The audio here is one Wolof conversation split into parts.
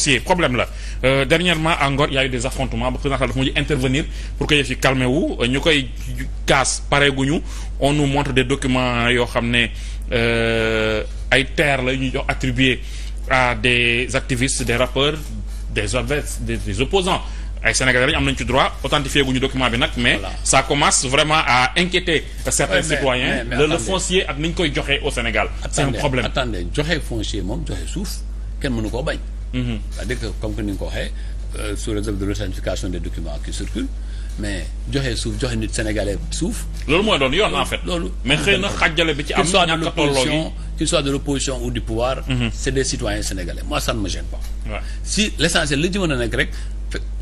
si problème la euh, dernièrement à Ngor y des affrontements ba président Sall dafa mujj intervenir pour que yëf yi calmé wu ñu koy kaas pareeguñu on nous montre des documents yoo xam ne euh, ay terres la ñu jox attribué à des activistes des rappeurs des adverses des, des opposants ay sénégalais lañu am nañu ci droit authentifié ñu document bi nag mais voilà. ça commence vraiment à inquiéter certains oui, mais, citoyens mais, mais, foncier ak ni ñu koy joxe au Sénégal c'est un problème joxe foncier moom joxe suuf kenn mënu koo bañ c'est-à-dire que comme que ni nga ko waxee euh, sous réserve de l'authentification des documents qui circulent mais joxe suuf joxe nit sénégalais suuf. loolu mooy doon yoon en fait. loolu mais xëy na xàjjale bi ci am. ñàkk a tolloo gi qu'il soit de l'opposition mhm. ne me rek.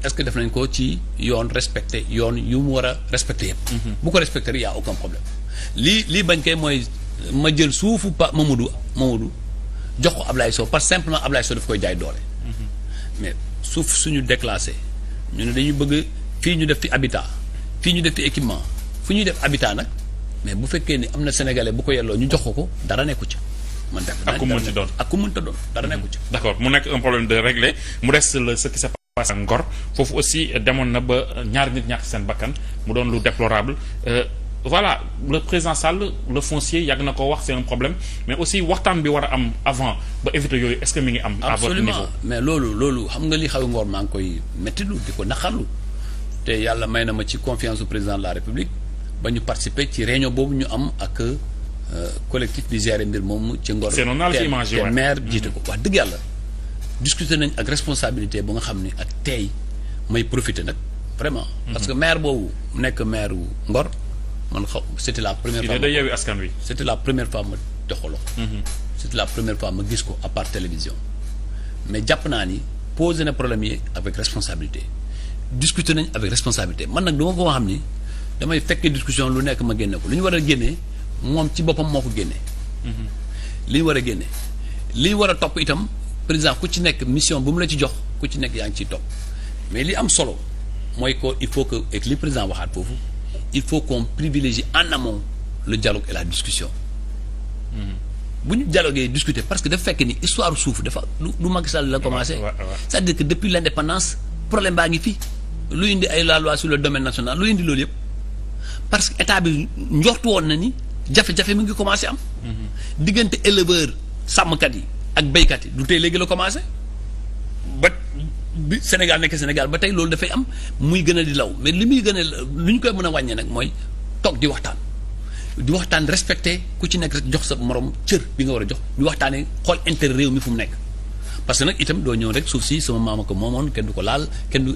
est-ce que def nañ ko ci yoon respecté yoon yu mu war a respecté yëpp. Mhm. bu ko respecté rek y a aucun problème lii lii bañ kay mooy ma jël suufu pa Mamadou Mamadou. jox ko Ablaye Sow parce que simplement Ablaye Sow daf koy jaay doole. mais suuf suñu déclassé ñu ne dañu bëgg fii ñu def fi habitat fii ñu def fi équipement fu ñu def habitat nag mais bu fekkee ni am na sénégalais bu ko yelloo ñu jox ko ko dara nekku ci. man ak ku mën ci doon ak ku mën ta doon dara nekku ci. d'accord mu nekk un problème de réglé mu des le ce qui s'est passé Ngor foofu aussi demoon na ba ñaari nit ñàkk seen bakkan mu doon lu déplorable. Euh, voilà le président Sall le foncier yàgg na ko wax c'est un problème mais aussi waxtaan bi war a am avant ba éviter yooyu est-ce que mi ngi am. à votre niveau mais loolu loolu xam nga li xaw ngoor maa ngi koy méttilu di ko naqarlu te yàlla may na ma ci confiance du président de la république ba ñu participer ci réunion boobu ñu am ak euh, collectif bi gérer mbir moomu ci ngor. seen te maire mm-hmm. jiite ko wax dëgg yàlla. discuter nañ ak responsabilité bu nga xam ni ak tey may profiter nag vraiment. Mm-hmm. parce que maire boobu nekk maire wu Ngor. man xaw c'était la première fois da yeewi askan wi c'était la première ma doxaloo mhm. c'était la première fois ma gis ko à part télévision mais jàpp naa ni posé na problème yi avec responsabilité discuté nañ avec responsabilité man nag duma ko xam ni damay fekk discussion lu nekk ma génne ko lu ñu war a génne moom ci boppam moo ko génne mhm. li ñu war a génne li war a topp itam président ku ci nekk mission bu mu la ci jox ku ci nekk yaa ngi ci topp mais li am solo mooy ko il faut que ak li président waxaat foofu il faut qu'on privilégie en amont le dialogue et la discussion. Mm-hmm. bu ñu dialoguer discuter parce que dafa fekk ni histoire suuf dafa lu lu Macky Sall la commencé. c'est-à-dire que depuis l'indépendance problème baa ngi fii lu indi ay la loi sur domaine national lu indi loolu yëpp parce que état bi njortu woon na ni jafe-jafe mi ngi commencé am. Mm-hmm. diggante éleveur sàmmkat yi ak béykat yi du tey léegi la commencé bi Sénégal nekk Sénégal ba tey loolu dafay am muy gën a di law mais li muy gën a lu ñu koy mën a wàññee nag mooy toog di waxtaan di waxtaan respecté ku ci nekk rek jox sa morom cër bi nga war a jox ñu waxtaanee xool intérêt réew mi fu mu nekk. parce que nag itam doo ñëw rek suuf si sama maama ko moomoon kenn du ko laal kenn du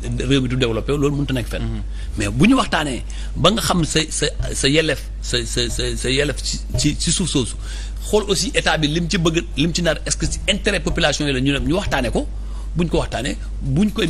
du développé loolu mënut a nekk fenn. Mm-hmm. mais bu ñu waxtaanee ba nga xam sa sa sa yelleef sa sa sa sa yelleef ci ci suuf soosu xool aussi état bi lim ci bëgg lim ci nar est-ce que population yi la ñu dem ñu waxtaanee ko. buñ ko waxtaanee buñ ko